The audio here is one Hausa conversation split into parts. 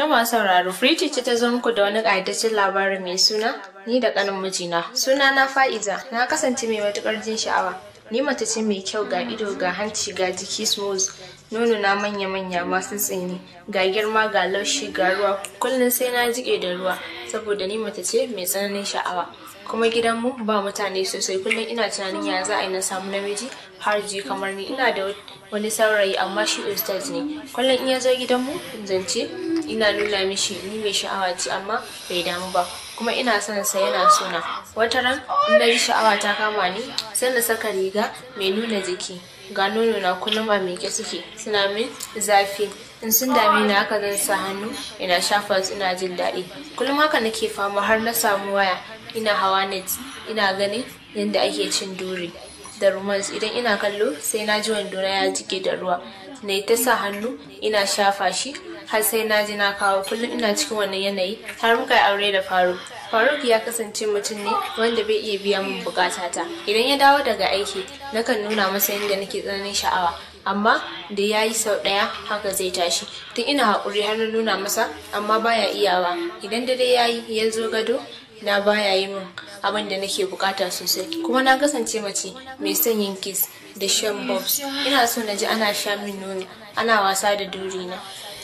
Jama'a sauraro, Friti ce ta zo muku da wani ƙayyadaccen labari mai suna ni da ƙanin mijina. Suna na fa'iza, na kasance mai matuƙar jin sha'awa. Ni mace mai kyau ga ido ga hanci ga jiki smooth. Nono na manya-manya masu tsini, ga girma ga laushi ga ruwa. Kullum sai na jike da ruwa, saboda ni matace mai tsananin sha'awa. kuma gidanmu ba mutane sosai kullum ina tunanin ya za a yi na samu namiji har ji kamar ni ina da wani saurayi amma shi ustaz ne kullum in ya zo gidanmu zance ina nuna mishi ni mai sha'awa ce amma bai damu ba kuma ina son sa yana suna wata ran na yi sha'awa ta kama ni sai na saka riga mai nuna jiki ga nono na kullum a miƙe suke suna min zafi in sun dame ni haka zan sa hannu ina shafa su ina jin daɗi kullum haka nake fama har na samu waya ina hawa net ina ganin yadda ake cin duri da rumans idan ina kallo sai na ji wandona ya jike da ruwa na ta sa hannu ina shafa shi har sai na ji na kawo kullum ina cikin wannan yanayi har muka yi aure da faruk faruk ya kasance mutum ne wanda bai iya biya min bukatata idan ya dawo daga aiki nakan nuna masa yadda nake tsananin sha'awa amma da ya yi sau ɗaya haka zai tashi tun ina haƙuri har na nuna masa amma baya iyawa idan dare ya yi ya zo gado na baya yi min abin da nake bukata sosai kuma na kasance mace mai son yin kiss da shan bobs ina so na ji ana sha min nono ana wasa da durina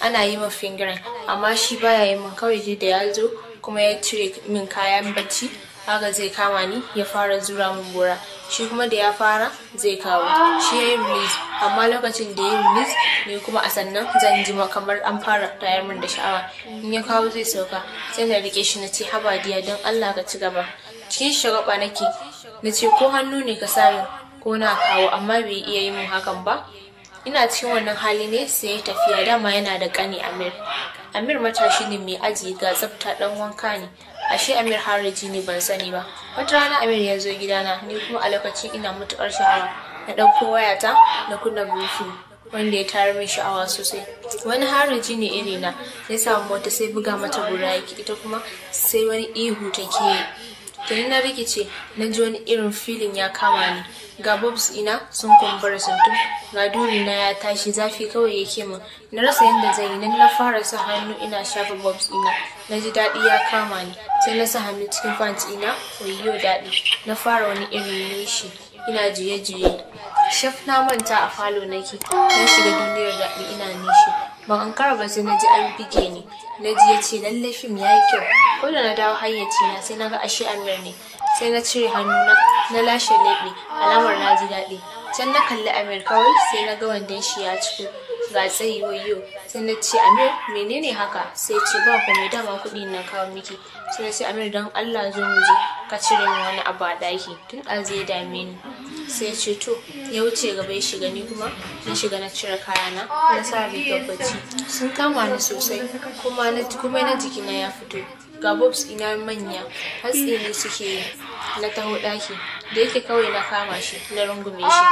ana yi min fingering amma shi baya yi min kawai da ya zo kuma ya cire min kayan bacci haka zai kama ni ya fara zura min bora shi kuma da ya fara zai kawo shi ya yi release amma lokacin da ya yi release ne kuma a sannan zan ji ma kamar an fara tayar min da sha'awa in ya kawo zai sauka sai na rike shi na ce haba diya don allah ka ci gaba cikin shagaba nake na ce ko hannu ne ka sa ko na kawo amma bai iya yi min hakan ba ina cikin wannan hali ne sai ya tafiya dama yana da kani amir amir matashi ne mai aji ga tsafta dan wanka ne ashe amir haraji ne ban sani ba wata rana amir ya zo gidana ni kuma a lokacin ina matuƙar sha'awa na ɗauko wayata na kunna bluetooth wanda ya tara min sha'awa sosai wani haraji ne irina ya samu wata sai buga mata gura yake ita kuma sai wani ihu take yi tuni na rikice na ji wani irin filin ya kama ni ga bobs ina sun kumbura tu ga duri na ya tashi zafi kawai yake min na rasa yadda zan yi nan na fara sa hannu ina shafa bobs ina na ji daɗi ya kama ni sai na sa hannu cikin pants ina wayo daɗi na fara wani irin nishi ina jiye-jiye shaf na manta a falo nake na shiga duniyar daɗi ina nishi ban an kara ba sai na ji an bige ni na ji ya ce lallai fim ya yi kyau ko da na dawo hayyaci na sai na ga ashe amir ne sai na cire hannu na na lashe leɓe alamar na ji daɗi can na kalli amir kawai sai na ga wandon shi ya ciko ga yi wayo sai na ce amir menene haka sai ce ba ku mai dama kuɗi na kawo miki sai na ce amir don allah zo mu je ka cire min wani abu a daki tun a ya dame ni sai ce to ya wuce gaba ya shiga ni kuma na shiga na cire kayana na sa rigar bacci sun kama ni sosai kuma na kuma na na ya fito ga bobs ina manya hatsi ne suke yi na taho daki da yake kawai na kama shi na rungume shi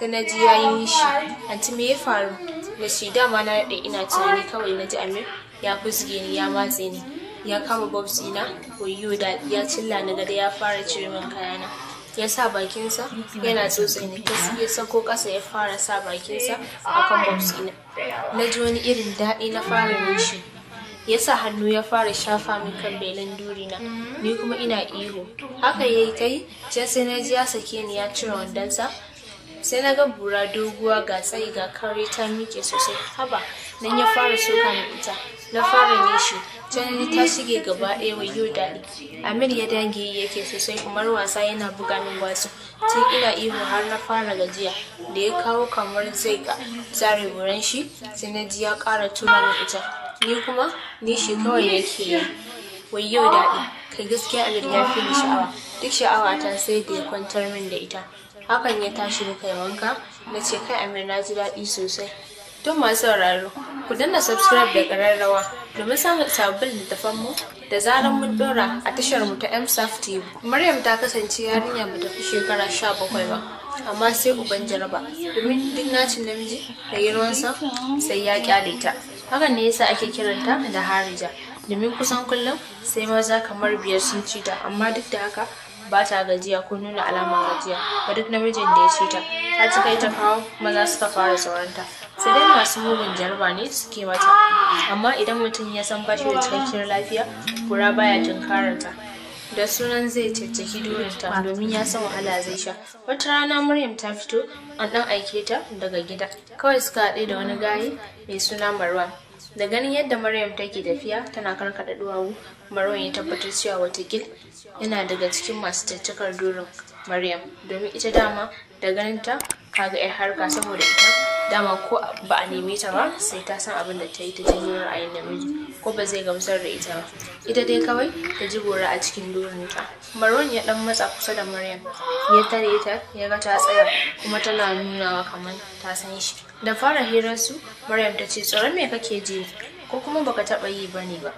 sai na ji yayin shi anti me ya faru na shi dama na daɗe ina tunani kawai na ji amir ya fusge ni ya matse ni ya kama bobs na wayo da ya cilla na gada ya fara cire min kayana ya sa bakinsa yana ne ta ya sako ƙasa ya fara sa bakinsa a kan na na ji wani irin daɗi na fara nishi ya sa hannu ya fara shafa min kan belin durina ni kuma ina ihu haka ya yi ta yi sai na ji ya sake ni ya cire wandansa sai na ga bura doguwa ga tsayi ga kare ta miƙe sosai haba nan ya fara soka na ita na fara nishi tunani ta shige gaba ɗaya yau daɗi amir ya dange yake sosai kamar wasa yana buga min wasu tun ina ihu har na fara gajiya da ya kawo kamar zai ga tsare wurin shi sai na ji ya ƙara tura na ita ni kuma Ni nishi kawai yake yi yau daɗi kai gaskiya amir ya fi ni sha'awa duk sha'awa ta sai da ya kwantar min da ita hakan ya tashi ni kai wanka na ce kai amir na ji daɗi sosai don masu sauraro ku danna subscribe da ƙararrawa domin samun sabbin littafan mu da zarar mun dora a tashar mu ta msaf tv maryam ta kasance yarinya ba ta fi shekara sha bakwai ba amma sai uban jaraba domin duk nacin namiji da girmansa sai ya kyale ta hakan ne yasa ake kiranta da harija domin kusan kullum sai maza kamar biyar sun ci ta amma duk da haka ba ta gajiya ko nuna alamar gajiya ba duk namijin da ya ce ta ta cikai ta kawo maza suka fara sauranta sai dai masu mugun jarba ne suke mata amma idan mutum ya san bashi da cikakkiyar lafiya kura baya jin karanta. da sunan zai caccaki durinta domin ya san wahala zai sha wata rana maryam ta fito an dan aike ta daga gida kawai suka haɗe da wani gayi mai suna marwan da ganin yadda maryam take tafiya tana karkada duwawu marwan ya tabbatar cewa watakil yana daga cikin masu caccakar durin Maryam domin ita dama da ganinta kaga yar harka saboda ita dama ko ba a neme ta ba sai ta san abin da ta yi ta a ra'ayin namiji ko ba zai gamsar da ita ba ita dai kawai ta ji gora a cikin dorinta maron ya dan matsa kusa da maryam ya tare ta ya ga ta tsaya kuma tana nunawa kamar ta san shi da fara hirarsu maryam ta ce tsoron me kake ji ko kuma baka taba yi bane ba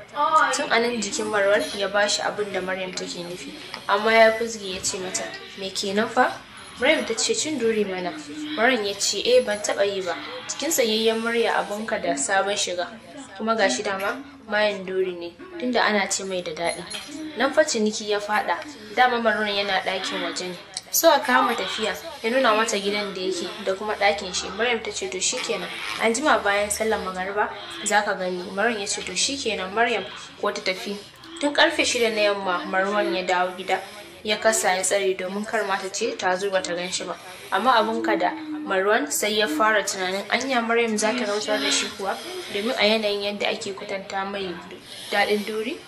tun anan jikin marwar ya bashi abin da maryam take nufi amma ya kuzge ya ce mata me kenan fa maryam ta ce cin duri mana maryam ya ce eh ban taba yi ba cikin sayayyen murya abunka da sabon shiga kuma gashi dama mayan duri ne tunda ana ce mai da daɗi nan fa ciniki ya fada dama maruna yana ɗakin waje ne so a kama tafiya ya nuna mata gidan da yake da kuma ɗakin shi maryam ta ce to shikenan an jima bayan sallar magariba za ka gani maryam ya ce to shikenan maryam ko ta tafi tun karfe shida na yamma marwan ya dawo gida ya kasa ya tsare domin kar mata ce ta zo bata gan shi ba amma abun da marwan sai ya fara tunanin anya maryam za ta rautar da shi kuwa domin a yanayin yadda ake kwatanta mai daɗin duri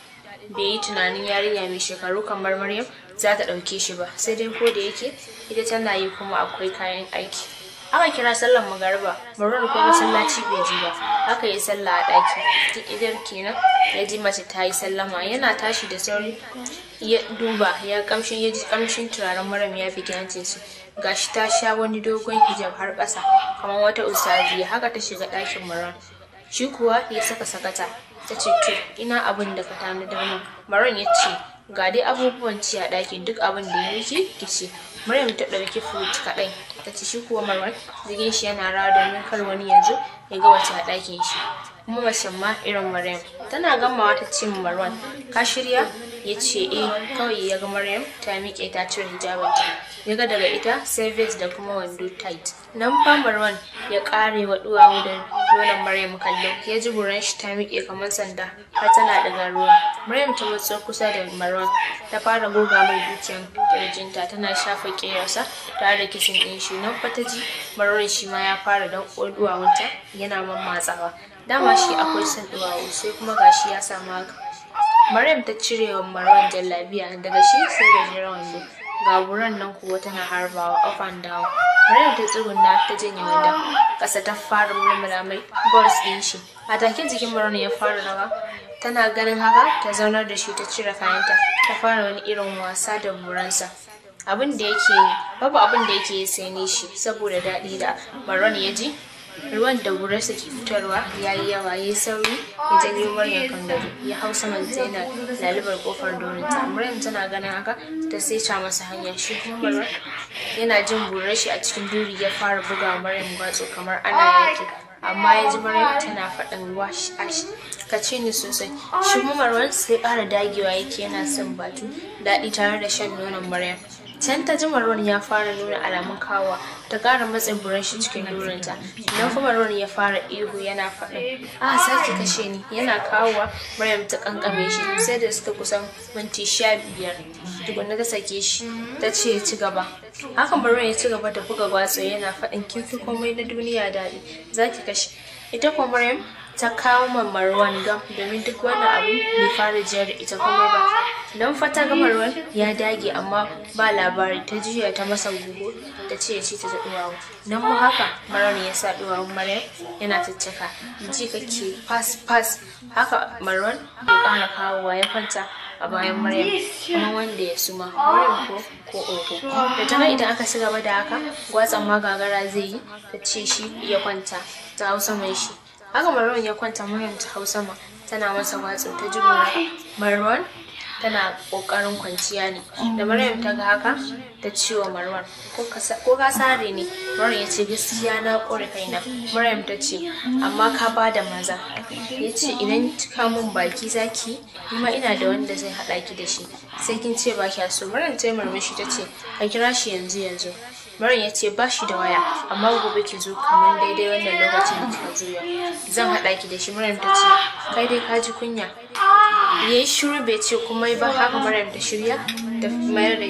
bai yi tunanin yarinya mai shekaru kamar maryam za ta ɗauke shi ba sai dai ko da yake ita tana yi kuma akwai kayan aiki aka kira sallar magariba murar kuma masallaci bai ji ba aka yi sallah a ɗaki duk idan kenan ya ji mace ta yi sallama yana tashi da sauri ya duba ya kamshin ya ji kamshin turaren maram ya fi gyancin su gashi ta sha wani dogon hijab har ƙasa kamar wata ustaziya haka ta shiga ɗakin maran shi kuwa ya saka sakata ta to ina abin da ka tanadar min maron ya ce ga dai abubuwan ci a ɗakin duk abin da ya miki ki ce maryam ta ɗauki fruit kaɗai ta ce shi kuwa marwan zigin shi yana rawa domin kar wani yanzu ya ga wace a ɗakin shi kuma macen ma irin maryam tana gamawa ta ce marwan ka shirya ya ce eh kawai ya ga maryam ta miƙe ta cire hijabinta ya ga daga ita service da kuma wando tight nan fa marwan ya ƙare wa duwawu da nonon Maryam kallo ya ji buran shi ta miƙe kamar sanda har tana daga ruwa. Maryam ta wasu kusa da Marwan ta fara goga mai dukiyan kirjinta tana shafa ƙeyarsa tare da kishin ɗin shi nan fa ta ji Marwan shi ma ya fara dan duwawunta yana mammatsawa. Dama shi akwai son duwawu sai kuma gashi ya samu haka. Maryam ta cire wa Marwan jallabiya daga shi sai jira wando. Ga buran nan kuwa tana harbawa up and down. Maryam ta tsugunna ta janye wandon. Ƙasa ta fara mulmula mai bors ɗin shi. A take jikin Maryam ya fara rawa. Tana ganin haka ta zaunar da shi ta cire kayanta. Ta fara wani irin wasa da buransa. Abin da yake babu abin da yake sai ni shi saboda daɗi da Maron ya ji ruwan da wurarsa ke fitarwa ya yi yawa ya yi sauri ya janyo muryar kandaro ya hau saman yana lalibar kofar donin ta tana ganin haka ta sai ta masa hanya shi kuma yana jin burar shi a cikin duri ya fara buga Maryam gwatso kamar ana yaki amma ya ji muryar tana faɗin ruwa ka ce ni sosai shi kuma sai ƙara dagewa yake yana son batu daɗi tare da shan nonon Maryam. can ta ji maron ya fara nuna alamun kawa ta ƙara matsin burashin cikin nurinta idan kuma maron ya fara ihu yana faɗin a sake kashe ni yana kawowa maryam ta kankame shi sai da suka kusan minti sha biyar tukunna ta sake shi ta ce ci gaba Hakan maron ya ci gaba da buga gwatsa yana faɗin kin komai na duniya daɗi za ki kashe ita kuma maryam ta kawo ma Marwan gam domin duk wani abu mai fara jiyar da ita kuma ba. Don fata ga Marwan ya dage amma ba labari ta juya ta masa gugu ta ce ya ce ta duwawu. don mu haka Marwan ya sa duwawun Maryam yana caccaka. Ji kake fas fas haka Marwan ya ƙara kawowa ya kwanta a bayan Maryam kuma wanda ya suma Maryam ko ko oho da ta idan aka ci gaba da haka gwatsan magagara zai yi ta ce shi ya kwanta ta hausa mai shi haka marwan ya kwanta maryam ta hau sama tana masa watsin ta ji marwan tana kokarin kwanciya ne da maryam ta ga haka ta ce wa marwan ko ka sare ne marwan ya ce gaskiya na kore kaina maryam ta ce amma ka ba da maza ya ce idan cika mun baki zaki kuma ina da wanda zai haɗa ki da shi sai kin ce ba kya so maryam ta yi murmushi ta ce ka kira shi yanzu yanzu Maryam ya ce ba shi da waya amma gobe ki zo kamar daidai wannan lokacin da kika zo yau. Zan haɗa ki da shi Maryam ta ce kai dai ka ji kunya. Ya yi shiru bai ce kuma ba haka Maryam ta shirya ta mayar da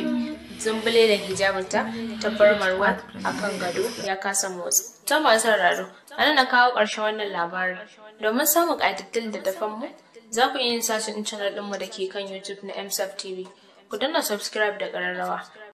zumbule da hijabinta ta bar a kan gado ya kasa motsi. Ta masu sauraro, ana na kawo ƙarshen wannan labarin. Domin samun ƙaitattun da mu za ku iya yin sashen channel ɗinmu da ke kan YouTube na MSAP TV. Ku danna subscribe da ƙararrawa.